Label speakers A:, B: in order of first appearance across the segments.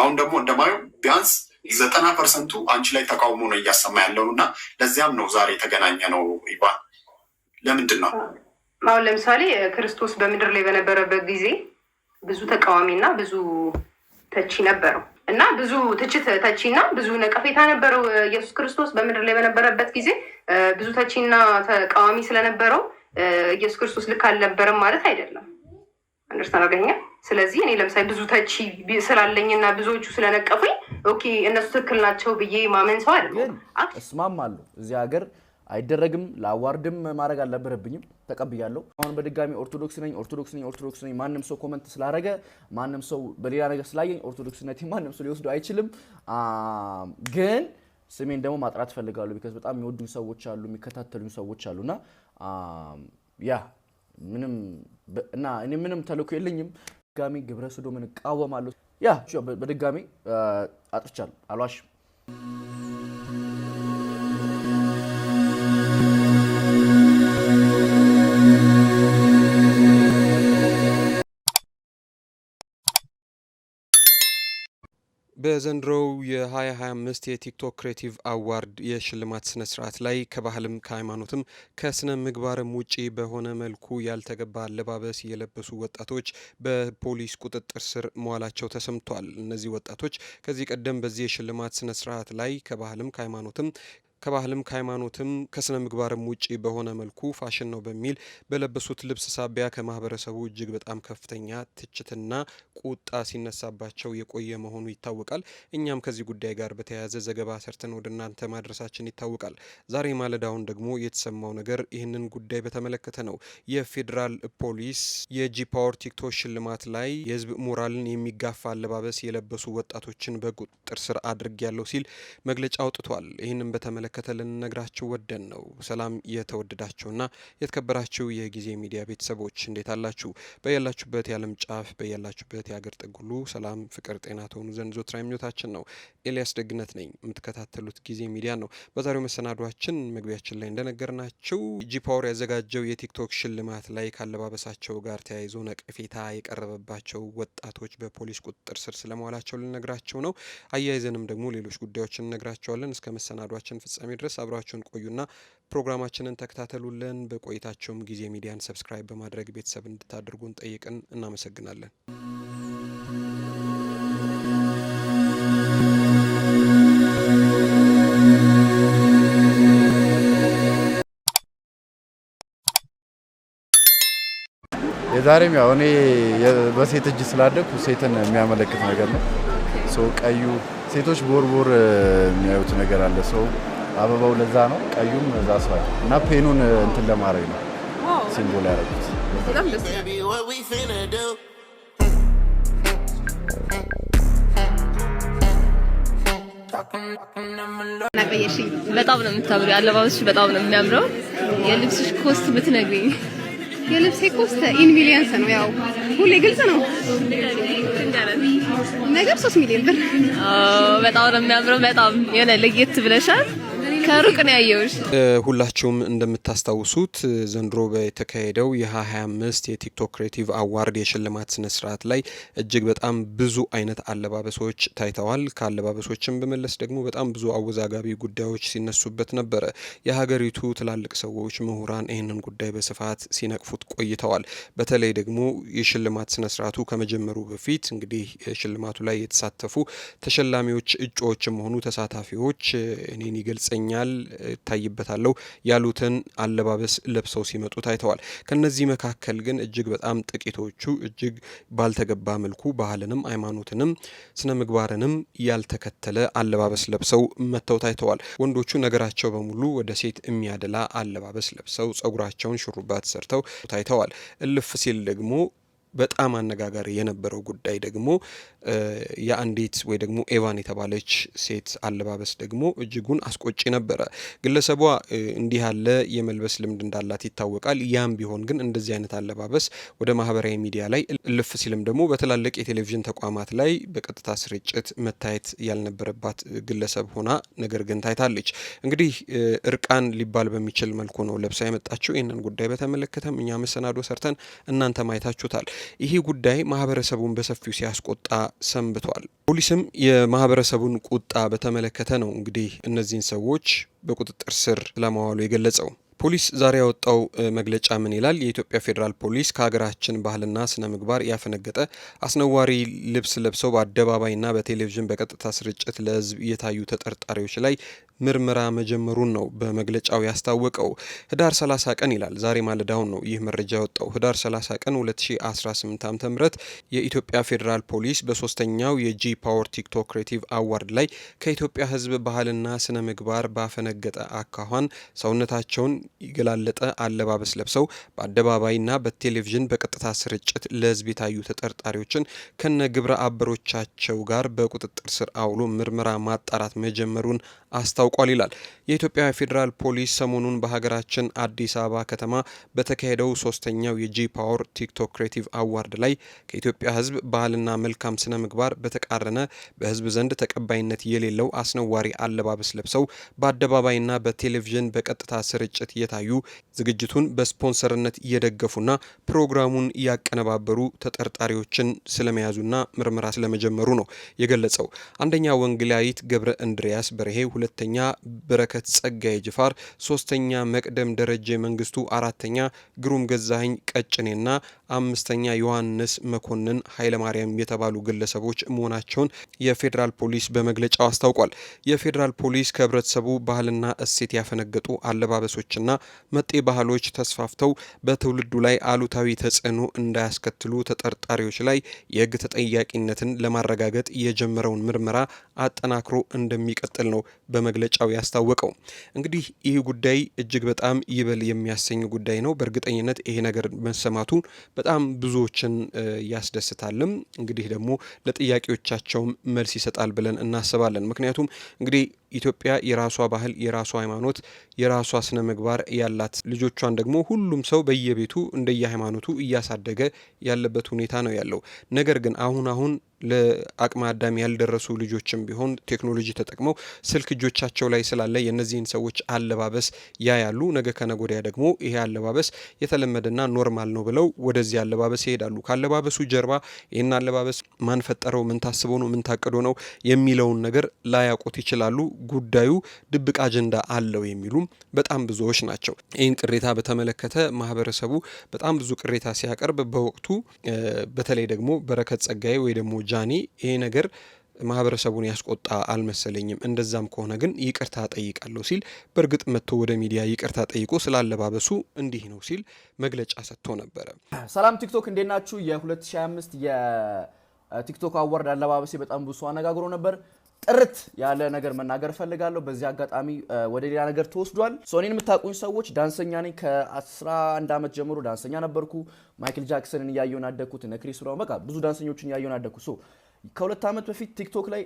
A: አሁን ደግሞ እንደማየው ቢያንስ ዘጠና ፐርሰንቱ አንቺ ላይ ተቃውሞ ነው እያሰማ ያለው እና ለዚያም ነው ዛሬ የተገናኘ ነው። ይባል ለምንድን ነው
B: አሁን ለምሳሌ ክርስቶስ በምድር ላይ በነበረበት ጊዜ ብዙ ተቃዋሚ እና ብዙ ተቺ ነበረው እና ብዙ ትችት ተቺ እና ብዙ ነቀፌታ ነበረው። ኢየሱስ ክርስቶስ በምድር ላይ በነበረበት ጊዜ ብዙ ተቺ እና ተቃዋሚ ስለነበረው ኢየሱስ ክርስቶስ ልክ አልነበረም ማለት አይደለም። አንደርስታን አገኘ። ስለዚህ እኔ ለምሳሌ ብዙ ተቺ ስላለኝና ብዙዎቹ ስለነቀፉኝ ኦኬ እነሱ ትክክል ናቸው ብዬ ማመን ሰው አይደለም።
C: እስማማለሁ እዚህ ሀገር አይደረግም ለአዋርድም ማድረግ አልነበረብኝም። ተቀብያለሁ። አሁን በድጋሚ ኦርቶዶክስ ነኝ ኦርቶዶክስ ነኝ ኦርቶዶክስ ነኝ። ማንም ሰው ኮመንት ስላረገ ማንም ሰው በሌላ ነገር ስላየኝ ኦርቶዶክስነት ማንም ሰው ሊወስደው አይችልም። ግን ስሜን ደግሞ ማጥራት እፈልጋለሁ። ቢካዝ በጣም የሚወዱኝ ሰዎች አሉ፣ የሚከታተሉኝ ሰዎች አሉና ያ እና እኔ ምንም ተልእኮ የለኝም። ድጋሚ ግብረ ሰዶምን እቃወማለሁ። ያ በድጋሚ አጥርቻለሁ፣ አልዋሽም።
D: በዘንድሮው የ2025 የቲክቶክ ክሬቲቭ አዋርድ የሽልማት ስነ ስርዓት ላይ ከባህልም ከሃይማኖትም ከስነ ምግባርም ውጪ በሆነ መልኩ ያልተገባ አለባበስ የለበሱ ወጣቶች በፖሊስ ቁጥጥር ስር መዋላቸው ተሰምቷል። እነዚህ ወጣቶች ከዚህ ቀደም በዚህ የሽልማት ስነ ስርዓት ላይ ከባህልም ከሃይማኖትም ከባህልም ከሃይማኖትም ከስነ ምግባርም ውጪ በሆነ መልኩ ፋሽን ነው በሚል በለበሱት ልብስ ሳቢያ ከማህበረሰቡ እጅግ በጣም ከፍተኛ ትችትና ቁጣ ሲነሳባቸው የቆየ መሆኑ ይታወቃል። እኛም ከዚህ ጉዳይ ጋር በተያያዘ ዘገባ ሰርተን ወደ እናንተ ማድረሳችን ይታወቃል። ዛሬ ማለዳውን ደግሞ የተሰማው ነገር ይህንን ጉዳይ በተመለከተ ነው። የፌዴራል ፖሊስ የጂ ፓወር ቲክቶክ ሽልማት ላይ የህዝብ ሞራልን የሚጋፋ አለባበስ የለበሱ ወጣቶችን በቁጥጥር ስር ያለው ሲል መግለጫ አውጥቷል። ይህንን በተመለከተ በተመለከተ ልንነግራችሁ ወደን ነው። ሰላም የተወደዳችሁና የተከበራችሁ የጊዜ ሚዲያ ቤተሰቦች እንዴት አላችሁ? በያላችሁበት የዓለም ጫፍ በያላችሁበት የአገር ጥጉሉ ሰላም፣ ፍቅር፣ ጤና ተሆኑ ዘንድ ዞትራ ምኞታችን ነው። ኤልያስ ደግነት ነኝ። የምትከታተሉት ጊዜ ሚዲያ ነው። በዛሬው መሰናዷችን መግቢያችን ላይ እንደነገርናችሁ ፓወር ያዘጋጀው የቲክቶክ ሽልማት ላይ ካለባበሳቸው ጋር ተያይዞ ነቀፌታ የቀረበባቸው ወጣቶች በፖሊስ ቁጥጥር ስር ስለመዋላቸው ልነግራቸው ነው። አያይዘንም ደግሞ ሌሎች ጉዳዮችን እነግራቸዋለን። እስከ መሰናዷችን ፍጻሜ ፍጻሜ ድረስ አብራችሁን ቆዩና ፕሮግራማችንን ተከታተሉልን። በቆይታቸውም ጊዜ ሚዲያን ሰብስክራይብ በማድረግ ቤተሰብ እንድታደርጉን ጠይቅን። እናመሰግናለን።
E: የዛሬም ያው እኔ በሴት እጅ ስላደግኩ ሴትን የሚያመለክት ነገር ነው። ሰው ቀዩ ሴቶች ቦርቦር የሚያዩት ነገር አለ ሰው አበባው ለዛ ነው፣ ቀዩም እዛ ሰው እና ፔኑን እንትን ለማድረግ ነው ሲምቦል ያደረጉት።
F: በጣም ነው የምታምሩ። አለባበስሽ በጣም ነው የሚያምረው። የልብስሽ ኮስት ብትነግሪኝ። የልብሴ ኮስት ኢን ሚሊየንስ ነው። ያው ሁሌ ግልጽ ነው ነገር ሶስት ሚሊዮን ብር። በጣም ነው የሚያምረው። በጣም የሆነ ለየት ብለሻል። ከሩቅ ነው ያየሁሽ።
D: ሁላችሁም እንደምታስታውሱት ዘንድሮ በተካሄደው የ2025 የቲክቶክ ክሬቲቭ አዋርድ የሽልማት ስነ ስርዓት ላይ እጅግ በጣም ብዙ አይነት አለባበሶች ታይተዋል። ከአለባበሶችም በመለስ ደግሞ በጣም ብዙ አወዛጋቢ ጉዳዮች ሲነሱበት ነበረ። የሀገሪቱ ትላልቅ ሰዎች፣ ምሁራን ይህንን ጉዳይ በስፋት ሲነቅፉት ቆይተዋል። በተለይ ደግሞ የሽልማት ስነ ስርዓቱ ከመጀመሩ በፊት እንግዲህ ሽልማቱ ላይ የተሳተፉ ተሸላሚዎች፣ እጩዎችም ሆኑ ተሳታፊዎች እኔን ይገልጸኛል ይታየኛል ይታይበታለው ያሉትን አለባበስ ለብሰው ሲመጡ ታይተዋል። ከነዚህ መካከል ግን እጅግ በጣም ጥቂቶቹ እጅግ ባልተገባ መልኩ ባህልንም ሃይማኖትንም ስነ ምግባርንም ያልተከተለ አለባበስ ለብሰው መጥተው ታይተዋል። ወንዶቹ ነገራቸው በሙሉ ወደ ሴት የሚያደላ አለባበስ ለብሰው ጸጉራቸውን ሹሩባ ተሰርተው ታይተዋል። እልፍ ሲል ደግሞ በጣም አነጋጋሪ የነበረው ጉዳይ ደግሞ የአንዲት ወይ ደግሞ ኤቫን የተባለች ሴት አለባበስ ደግሞ እጅጉን አስቆጪ ነበረ። ግለሰቧ እንዲህ ያለ የመልበስ ልምድ እንዳላት ይታወቃል። ያም ቢሆን ግን እንደዚህ አይነት አለባበስ ወደ ማህበራዊ ሚዲያ ላይ እልፍ ሲልም ደግሞ በትላልቅ የቴሌቪዥን ተቋማት ላይ በቀጥታ ስርጭት መታየት ያልነበረባት ግለሰብ ሆና ነገር ግን ታይታለች። እንግዲህ እርቃን ሊባል በሚችል መልኩ ነው ለብሳ የመጣችው። ይህንን ጉዳይ በተመለከተም እኛ መሰናዶ ሰርተን እናንተ ማየታችሁታል። ይህ ጉዳይ ማህበረሰቡን በሰፊው ሲያስቆጣ ሰንብቷል። ፖሊስም የማህበረሰቡን ቁጣ በተመለከተ ነው እንግዲህ እነዚህን ሰዎች በቁጥጥር ስር ስለማዋሉ የገለጸው። ፖሊስ ዛሬ ያወጣው መግለጫ ምን ይላል? የኢትዮጵያ ፌዴራል ፖሊስ ከሀገራችን ባህልና ስነ ምግባር ያፈነገጠ አስነዋሪ ልብስ ለብሰው በአደባባይና በቴሌቪዥን በቀጥታ ስርጭት ለሕዝብ የታዩ ተጠርጣሪዎች ላይ ምርመራ መጀመሩን ነው በመግለጫው ያስታወቀው። ህዳር 30 ቀን ይላል ዛሬ ማለዳውን ነው ይህ መረጃ የወጣው። ህዳር 30 ቀን 2018 ዓ ም የኢትዮጵያ ፌዴራል ፖሊስ በሶስተኛው የጂ ፓወር ቲክቶክ ክሬቲቭ አዋርድ ላይ ከኢትዮጵያ ህዝብ ባህልና ስነ ምግባር ባፈነገጠ አካኋን ሰውነታቸውን የገላለጠ አለባበስ ለብሰው በአደባባይና በቴሌቪዥን በቀጥታ ስርጭት ለህዝብ የታዩ ተጠርጣሪዎችን ከነ ግብረ አበሮቻቸው ጋር በቁጥጥር ስር አውሎ ምርመራ ማጣራት መጀመሩን አስታውቋል። ታውቋል ይላል። የኢትዮጵያ ፌዴራል ፖሊስ ሰሞኑን በሀገራችን አዲስ አበባ ከተማ በተካሄደው ሶስተኛው የጂ ፓወር ቲክቶክ ክሬቲቭ አዋርድ ላይ ከኢትዮጵያ ሕዝብ ባህልና መልካም ስነ ምግባር በተቃረነ በሕዝብ ዘንድ ተቀባይነት የሌለው አስነዋሪ አለባበስ ለብሰው በአደባባይና በቴሌቪዥን በቀጥታ ስርጭት የታዩ ዝግጅቱን በስፖንሰርነት እየደገፉና ፕሮግራሙን እያቀነባበሩ ተጠርጣሪዎችን ስለመያዙና ምርመራ ስለመጀመሩ ነው የገለጸው። አንደኛ ወንጌላዊት ገብረ እንድሪያስ በርሄ፣ ሁለተኛ በረከት ጸጋዬ ጅፋር፣ ሶስተኛ መቅደም ደረጀ መንግስቱ፣ አራተኛ ግሩም ገዛኸኝ ቀጭኔና አምስተኛ ዮሐንስ መኮንን ኃይለማርያም የተባሉ ግለሰቦች መሆናቸውን የፌዴራል ፖሊስ በመግለጫው አስታውቋል። የፌዴራል ፖሊስ ከህብረተሰቡ ባህልና እሴት ያፈነገጡ አለባበሶችና መጤ ባህሎች ተስፋፍተው በትውልዱ ላይ አሉታዊ ተጽዕኖ እንዳያስከትሉ ተጠርጣሪዎች ላይ የህግ ተጠያቂነትን ለማረጋገጥ የጀመረውን ምርመራ አጠናክሮ እንደሚቀጥል ነው በመግለ መግለጫው ያስታወቀው። እንግዲህ ይህ ጉዳይ እጅግ በጣም ይበል የሚያሰኝ ጉዳይ ነው። በእርግጠኝነት ይሄ ነገር መሰማቱ በጣም ብዙዎችን ያስደስታልም እንግዲህ ደግሞ ለጥያቄዎቻቸውም መልስ ይሰጣል ብለን እናስባለን። ምክንያቱም እንግዲህ ኢትዮጵያ የራሷ ባህል፣ የራሷ ሃይማኖት፣ የራሷ ስነ ምግባር ያላት ልጆቿን ደግሞ ሁሉም ሰው በየቤቱ እንደየሃይማኖቱ እያሳደገ ያለበት ሁኔታ ነው ያለው። ነገር ግን አሁን አሁን ለአቅመ አዳም ያልደረሱ ልጆችም ቢሆን ቴክኖሎጂ ተጠቅመው ስልክ እጆቻቸው ላይ ስላለ የእነዚህን ሰዎች አለባበስ ያያሉ። ነገ ከነጎዳያ ደግሞ ይሄ አለባበስ የተለመደና ኖርማል ነው ብለው ወደዚህ አለባበስ ይሄዳሉ። ካለባበሱ ጀርባ ይህን አለባበስ ማንፈጠረው ምን ታስቦ ነው፣ ምን ታቅዶ ነው የሚለውን ነገር ላያውቁት ይችላሉ። ጉዳዩ ድብቅ አጀንዳ አለው የሚሉም በጣም ብዙዎች ናቸው። ይህን ቅሬታ በተመለከተ ማህበረሰቡ በጣም ብዙ ቅሬታ ሲያቀርብ በወቅቱ በተለይ ደግሞ በረከት ጸጋዬ ወይ ደግሞ ጃኒ ይሄ ነገር ማህበረሰቡን ያስቆጣ አልመሰለኝም፣ እንደዛም ከሆነ ግን ይቅርታ ጠይቃለሁ ሲል በእርግጥ መጥቶ ወደ ሚዲያ ይቅርታ ጠይቆ ስላለባበሱ እንዲህ ነው ሲል መግለጫ ሰጥቶ ነበረ።
G: ሰላም ቲክቶክ እንዴት ናችሁ? የ2025 ቲክቶክ አዋርድ አለባበሴ በጣም ብሶ አነጋግሮ ነበር። ጥርት ያለ ነገር መናገር እፈልጋለሁ። በዚህ አጋጣሚ ወደ ሌላ ነገር ተወስዷል። እኔን የምታውቁኝ ሰዎች ዳንሰኛ ነኝ። ከ11 ዓመት ጀምሮ ዳንሰኛ ነበርኩ። ማይክል ጃክሰንን እያየውን አደግኩት። እነ ክሪስ ብራውን በቃ ብዙ ዳንሰኞችን እያየውን አደግኩ። ከሁለት ዓመት በፊት ቲክቶክ ላይ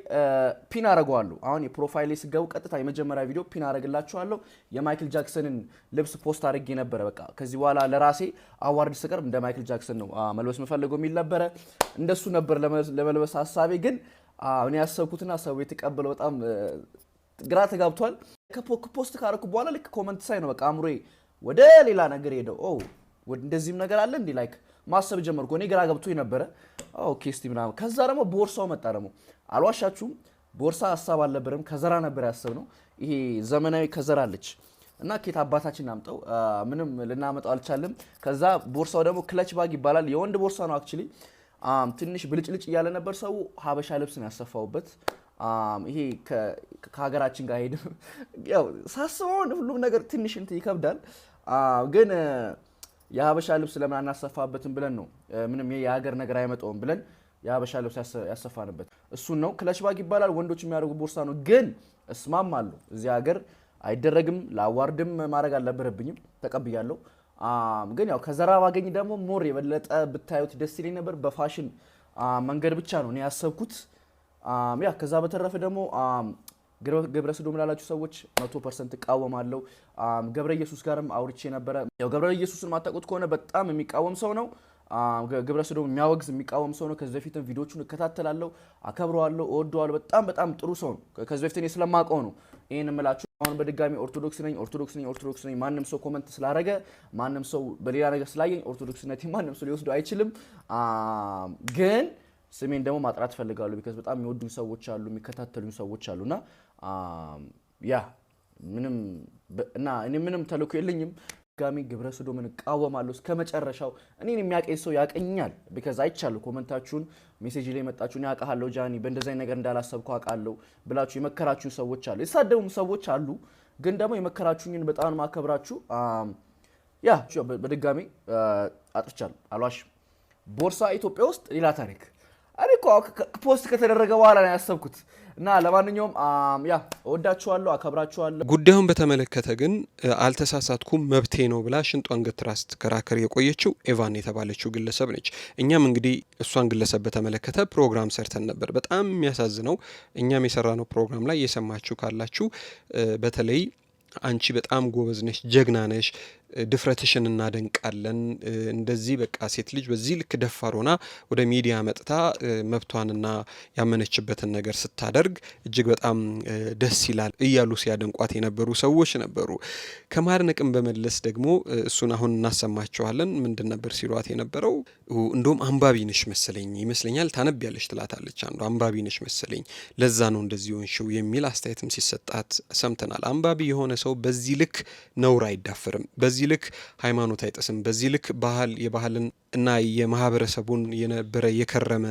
G: ፒን አረጓሉ። አሁን የፕሮፋይል ስገቡ ቀጥታ የመጀመሪያ ቪዲዮ ፒን አረግላችኋለሁ። የማይክል ጃክሰንን ልብስ ፖስት አድርጌ ነበረ። በቃ ከዚህ በኋላ ለራሴ አዋርድ ስቀርብ እንደ ማይክል ጃክሰን ነው መልበስ መፈለገው የሚል ነበረ። እንደሱ ነበር ለመልበስ ሀሳቤ። ግን እኔ ያሰብኩትና ሰው የተቀበለው በጣም ግራ ተጋብቷል። ከፖስት ካረኩ በኋላ ልክ ኮመንት ሳይ ነው በቃ አእምሮዬ ወደ ሌላ ነገር ሄደው እንደዚህም ነገር አለ እንዲ ላይክ ማሰብ ጀመርኩ። እኔ ግራ ገብቶ ነበረ። ኬስቲ ምናምን። ከዛ ደግሞ ቦርሳው መጣ። ደግሞ አልዋሻችሁም ቦርሳ ሀሳብ አልነበረም፣ ከዘራ ነበር ነው። ይሄ ዘመናዊ ከዘራ አለች እና ኬት አባታችን አምጠው ምንም ልናመጣው አልቻለም። ከዛ ቦርሳው ደግሞ ክለች ባግ ይባላል። የወንድ ቦርሳ ነው አክቹሊ። ትንሽ ብልጭልጭ እያለ ነበር። ሰው ሀበሻ ልብስ ነው ያሰፋውበት። ይሄ ከሀገራችን ጋር ሄድም ያው ሳስበውን ሁሉም ነገር ትንሽ እንትን ይከብዳል ግን የሀበሻ ልብስ ለምን አናሰፋበትም ብለን ነው። ምንም የሀገር ነገር አይመጣውም ብለን የሀበሻ ልብስ ያሰፋንበት እሱን ነው። ክለሽ ይባላል። ወንዶች የሚያደርጉ ቦርሳ ነው፣ ግን እስማም አሉ እዚህ ሀገር አይደረግም። ለአዋርድም ማድረግ አልነበረብኝም፣ ተቀብያለሁ። ግን ያው ከዘራ ባገኝ ደግሞ ሞር የበለጠ ብታዩት ደስ ይለኝ ነበር። በፋሽን መንገድ ብቻ ነው እኔ ያሰብኩት። ያ ከዛ በተረፈ ደግሞ ግብረ ሰዶም ላላችሁ ሰዎች መቶ ፐርሰንት እቃወማለሁ። ገብረ ኢየሱስ ጋርም አውርቼ ነበረ። ያው ገብረ ኢየሱስን ማታውቁት ከሆነ በጣም የሚቃወም ሰው ነው። ግብረ ሰዶም የሚያወግዝ የሚቃወም ሰው ነው። ከዚህ በፊትም ቪዲዮቹን እከታተላለሁ፣ አከብረዋለሁ፣ እወደዋለሁ። በጣም በጣም ጥሩ ሰው ነው። ከዚህ በፊት እኔ ስለማውቀው ነው ይህን እምላችሁ። አሁን በድጋሚ ኦርቶዶክስ ነኝ፣ ኦርቶዶክስ ነኝ፣ ኦርቶዶክስ ነኝ። ማንም ሰው ኮመንት ስላረገ ማንም ሰው በሌላ ነገር ስላየኝ ኦርቶዶክስነት ማንም ሰው ሊወስደው አይችልም ግን ስሜን ደግሞ ማጥራት ፈልጋሉ። ቢካዝ በጣም የሚወዱኝ ሰዎች አሉ፣ የሚከታተሉኝ ሰዎች አሉ እና ያ um, ምንም እና እኔ ምንም ተልኩ የለኝም። ድጋሚ ግብረ ምን እቃወማለሁ እስከ መጨረሻው። እኔን የሚያቀኝ ሰው ያቀኛል። ቢካዝ አይቻሉ ኮመንታችሁን፣ ሜሴጅ ላይ የመጣችሁን ያውቃለሁ፣ ጃኒ በእንደዚይ ነገር እንዳላሰብኩ አውቃለሁ ብላችሁ የመከራችሁን ሰዎች አሉ፣ የተሳደቡም ሰዎች አሉ። ግን ደግሞ የመከራችሁኝን በጣም ማከብራችሁ ያ um, በድጋሚ uh, አጥርቻለሁ። አሏሽ ቦርሳ ኢትዮጵያ ውስጥ ሌላ ታሪክ እኔ እኮ ፖስት ከተደረገ በኋላ ነው ያሰብኩት። እና ለማንኛውም ያ እወዳችኋለሁ፣ አከብራችኋለሁ።
D: ጉዳዩን በተመለከተ ግን አልተሳሳትኩም መብቴ ነው ብላ ሽንጧን ገትራ ስትከራከር የቆየችው ኤቫን የተባለችው ግለሰብ ነች። እኛም እንግዲህ እሷን ግለሰብ በተመለከተ ፕሮግራም ሰርተን ነበር። በጣም የሚያሳዝነው እኛም የሰራነው ፕሮግራም ላይ እየሰማችሁ ካላችሁ በተለይ አንቺ በጣም ጎበዝ ነሽ፣ ጀግና ነሽ፣ ድፍረትሽን እናደንቃለን። እንደዚህ በቃ ሴት ልጅ በዚህ ልክ ደፋር ሆና ወደ ሚዲያ መጥታ መብቷንና ያመነችበትን ነገር ስታደርግ እጅግ በጣም ደስ ይላል እያሉ ሲያደንቋት የነበሩ ሰዎች ነበሩ። ከማድነቅም በመለስ ደግሞ እሱን አሁን እናሰማቸዋለን። ምንድን ነበር ሲሏት የነበረው? እንደውም አንባቢ ነሽ መሰለኝ ይመስለኛል ታነቢያለሽ ትላታለች። አንዱ አንባቢ ነሽ መሰለኝ ለዛ ነው እንደዚህ ሆንሽው የሚል አስተያየትም ሲሰጣት ሰምተናል። አንባቢ የሆነ ሰው በዚህ ልክ ነውር አይዳፍርም። በዚህ በዚህ ልክ ሃይማኖት አይጥስም። በዚህ ልክ ባህል የባህልን እና የማህበረሰቡን የነበረ የከረመ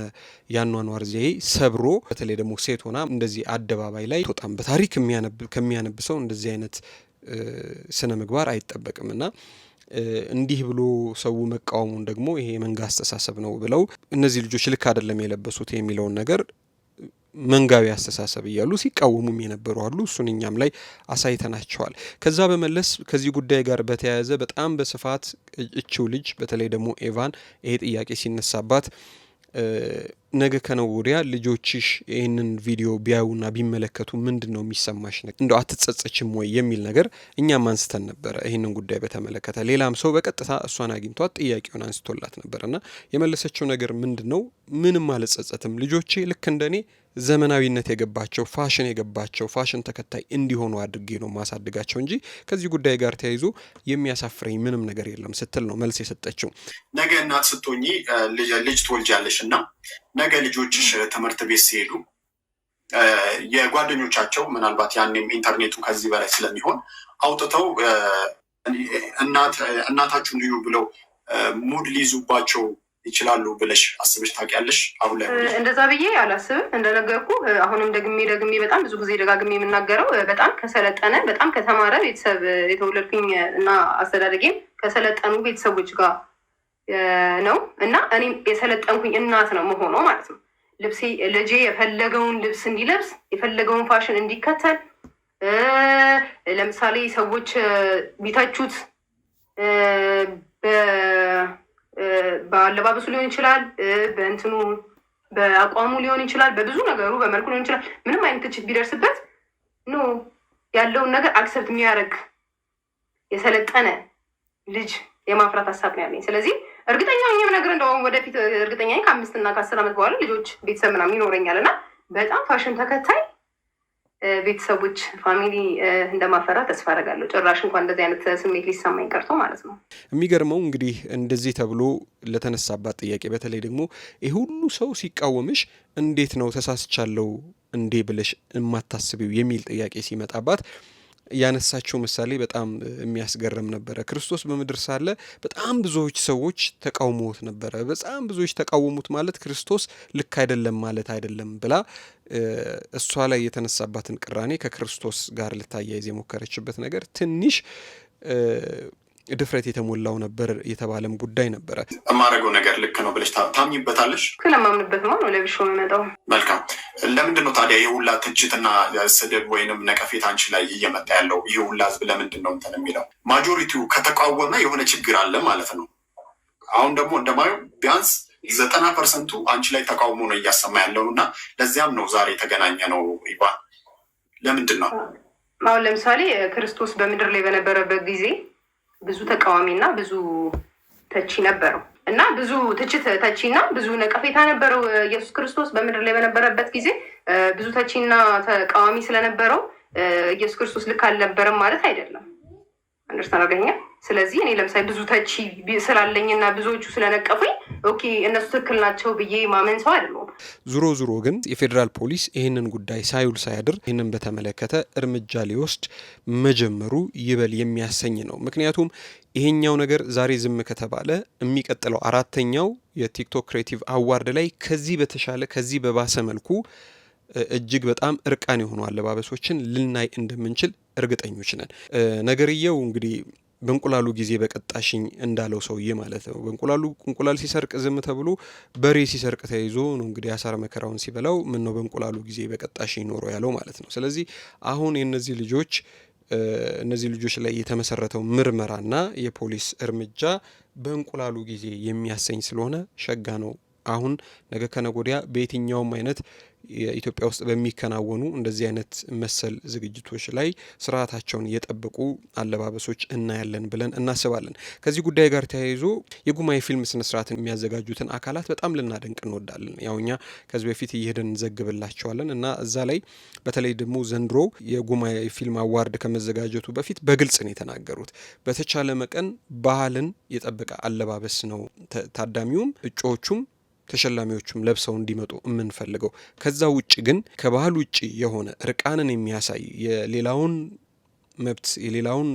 D: ያኗኗር ዘዬ ሰብሮ በተለይ ደግሞ ሴት ሆና እንደዚህ አደባባይ ላይ ጣም በታሪክ ከሚያነብ ሰው እንደዚህ አይነት ስነ ምግባር አይጠበቅም እና እንዲህ ብሎ ሰው መቃወሙን ደግሞ ይሄ የመንጋ አስተሳሰብ ነው ብለው እነዚህ ልጆች ልክ አይደለም የለበሱት የሚለውን ነገር መንጋዊ አስተሳሰብ እያሉ ሲቃወሙም የነበሩ አሉ። እሱን እኛም ላይ አሳይተናቸዋል። ከዛ በመለስ ከዚህ ጉዳይ ጋር በተያያዘ በጣም በስፋት እችው ልጅ በተለይ ደግሞ ኤቫን ይሄ ጥያቄ ሲነሳባት ነገ ከነገ ወዲያ ልጆችሽ ይህንን ቪዲዮ ቢያዩና ቢመለከቱ ምንድን ነው የሚሰማሽ ነገር አትጸጸችም ወይ የሚል ነገር እኛም አንስተን ነበረ። ይህንን ጉዳይ በተመለከተ ሌላም ሰው በቀጥታ እሷን አግኝቷት ጥያቄውን አንስቶላት ነበር እና የመለሰችው ነገር ምንድን ነው? ምንም አልጸጸትም። ልጆቼ ልክ እንደኔ ዘመናዊነት የገባቸው ፋሽን የገባቸው ፋሽን ተከታይ እንዲሆኑ አድርጌ ነው ማሳድጋቸው እንጂ ከዚህ ጉዳይ ጋር ተያይዞ የሚያሳፍረኝ ምንም ነገር የለም ስትል ነው መልስ የሰጠችው።
A: ነገ እናት ስትሆኚ ልጅ ትወልጃለሽ እና ነገ ልጆችሽ ትምህርት ቤት ሲሄዱ የጓደኞቻቸው ምናልባት ያኔም ኢንተርኔቱ ከዚህ በላይ ስለሚሆን አውጥተው እናታችሁን ልዩ ብለው ሙድ ሊይዙባቸው ይችላሉ ብለሽ አስበሽ ታውቂያለሽ? አሁን ላይ
B: እንደዛ ብዬ አላስብም። እንደነገርኩ አሁንም ደግሜ ደግሜ በጣም ብዙ ጊዜ ደጋግሜ የምናገረው በጣም ከሰለጠነ በጣም ከተማረ ቤተሰብ የተወለድኩኝ እና አስተዳደጌም ከሰለጠኑ ቤተሰቦች ጋር ነው እና እኔም የሰለጠንኩኝ እናት ነው መሆኖ ማለት ነው። ልብሴ ልጄ የፈለገውን ልብስ እንዲለብስ የፈለገውን ፋሽን እንዲከተል ለምሳሌ ሰዎች ቢተቹት በአለባበሱ ሊሆን ይችላል፣ በእንትኑ በአቋሙ ሊሆን ይችላል፣ በብዙ ነገሩ በመልኩ ሊሆን ይችላል። ምንም አይነት ትችት ቢደርስበት ኖ ያለውን ነገር አክሰብት የሚያደርግ የሰለጠነ ልጅ የማፍራት ሀሳብ ነው ያለኝ። ስለዚህ እርግጠኛ ይሄም ነገር እንደውም ወደፊት እርግጠኛ ከአምስት እና ከአስር ዓመት በኋላ ልጆች ቤተሰብ ምናምን ይኖረኛል እና በጣም ፋሽን ተከታይ ቤተሰቦች ፋሚሊ እንደማፈራ ተስፋ አደርጋለሁ። ጭራሽ እንኳን እንደዚህ አይነት ስሜት ሊሰማኝ ቀርቶ ማለት ነው።
D: የሚገርመው እንግዲህ እንደዚህ ተብሎ ለተነሳባት ጥያቄ በተለይ ደግሞ ይህ ሁሉ ሰው ሲቃወምሽ እንዴት ነው ተሳስቻለሁ እንዴ ብለሽ የማታስቢው የሚል ጥያቄ ሲመጣባት ያነሳቸው ምሳሌ በጣም የሚያስገርም ነበረ። ክርስቶስ በምድር ሳለ በጣም ብዙዎች ሰዎች ተቃውሞት ነበረ። በጣም ብዙዎች ተቃወሙት ማለት ክርስቶስ ልክ አይደለም ማለት አይደለም ብላ እሷ ላይ የተነሳባትን ቅራኔ ከክርስቶስ ጋር ልታያይዝ የሞከረችበት ነገር ትንሽ ድፍረት የተሞላው ነበር የተባለም ጉዳይ ነበረ።
A: የማደርገው ነገር ልክ ነው ብለሽ ታምኝበታለሽ?
B: ስለማምንበት ነው ነው ለብሾ የሚመጣው።
A: መልካም። ለምንድን ነው ታዲያ የውላ ትችትና ስድብ ወይንም ነቀፌት አንቺ ላይ እየመጣ ያለው? ይህ ሁላ ህዝብ ለምንድን ነው እንትን የሚለው? ማጆሪቲው ከተቃወመ የሆነ ችግር አለ ማለት ነው። አሁን ደግሞ እንደማየው ቢያንስ ዘጠና ፐርሰንቱ አንቺ ላይ ተቃውሞ ነው እያሰማ ያለው እና ለዚያም ነው ዛሬ የተገናኘ ነው። ይባል ለምንድን ነው
B: አሁን ለምሳሌ ክርስቶስ በምድር ላይ በነበረበት ጊዜ ብዙ ተቃዋሚና ብዙ ተቺ ነበረው እና ብዙ ትችት ተቺና ብዙ ነቀፌታ ነበረው። ኢየሱስ ክርስቶስ በምድር ላይ በነበረበት ጊዜ ብዙ ተቺና ተቃዋሚ ስለነበረው ኢየሱስ ክርስቶስ ልክ አልነበረም ማለት አይደለም። አንደርስታንድ አገኘ። ስለዚህ እኔ ለምሳሌ ብዙ ተቺ ስላለኝና ብዙዎቹ ስለነቀፉኝ ኦኬ እነሱ ትክክል ናቸው ብዬ ማመን ሰው አይደለሁም።
D: ዙሮ ዙሮ ግን የፌዴራል ፖሊስ ይህንን ጉዳይ ሳይውል ሳያድር ይህንን በተመለከተ እርምጃ ሊወስድ መጀመሩ ይበል የሚያሰኝ ነው። ምክንያቱም ይሄኛው ነገር ዛሬ ዝም ከተባለ የሚቀጥለው አራተኛው የቲክቶክ ክሬቲቭ አዋርድ ላይ ከዚህ በተሻለ ከዚህ በባሰ መልኩ እጅግ በጣም እርቃን የሆኑ አለባበሶችን ልናይ እንደምንችል እርግጠኞች ነን። ነገርየው እንግዲህ በእንቁላሉ ጊዜ በቀጣሽኝ እንዳለው ሰውዬ ማለት ነው። በእንቁላሉ እንቁላል ሲሰርቅ ዝም ተብሎ በሬ ሲሰርቅ ተይዞ ነው እንግዲህ አሳር መከራውን ሲበላው ምን ነው በእንቁላሉ ጊዜ በቀጣሽኝ ኖሮ ያለው ማለት ነው። ስለዚህ አሁን የነዚህ ልጆች እነዚህ ልጆች ላይ የተመሰረተው ምርመራና የፖሊስ እርምጃ በእንቁላሉ ጊዜ የሚያሰኝ ስለሆነ ሸጋ ነው። አሁን ነገ ከነጎዲያ በየትኛውም አይነት ኢትዮጵያ ውስጥ በሚከናወኑ እንደዚህ አይነት መሰል ዝግጅቶች ላይ ስርዓታቸውን የጠበቁ አለባበሶች እናያለን ብለን እናስባለን። ከዚህ ጉዳይ ጋር ተያይዞ የጉማኤ ፊልም ስነስርዓትን የሚያዘጋጁትን አካላት በጣም ልናደንቅ እንወዳለን። ያው እኛ ከዚህ በፊት እየሄደን እንዘግብላቸዋለን እና እዛ ላይ በተለይ ደግሞ ዘንድሮ የጉማ ፊልም አዋርድ ከመዘጋጀቱ በፊት በግልጽ ነው የተናገሩት። በተቻለ መቀን ባህልን የጠበቀ አለባበስ ነው ታዳሚውም እጩዎቹም ተሸላሚዎቹም ለብሰው እንዲመጡ የምንፈልገው። ከዛ ውጭ ግን ከባህል ውጭ የሆነ እርቃንን የሚያሳይ የሌላውን መብት የሌላውን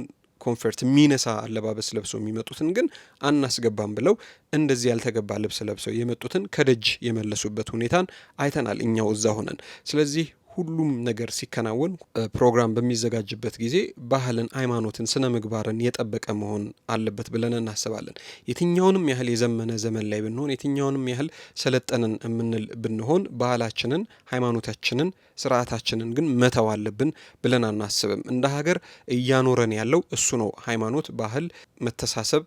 D: ኮንፈርት የሚነሳ አለባበስ ለብሶ የሚመጡትን ግን አናስገባም ብለው እንደዚህ ያልተገባ ልብስ ለብሰው የመጡትን ከደጅ የመለሱበት ሁኔታን አይተናል እኛው እዛ ሆነን። ስለዚህ ሁሉም ነገር ሲከናወን ፕሮግራም በሚዘጋጅበት ጊዜ ባህልን፣ ሃይማኖትን፣ ስነ ምግባርን የጠበቀ መሆን አለበት ብለን እናስባለን። የትኛውንም ያህል የዘመነ ዘመን ላይ ብንሆን፣ የትኛውንም ያህል ሰለጠንን የምንል ብንሆን ባህላችንን፣ ሃይማኖታችንን፣ ስርዓታችንን ግን መተው አለብን ብለን አናስብም። እንደ ሀገር እያኖረን ያለው እሱ ነው። ሃይማኖት፣ ባህል፣ መተሳሰብ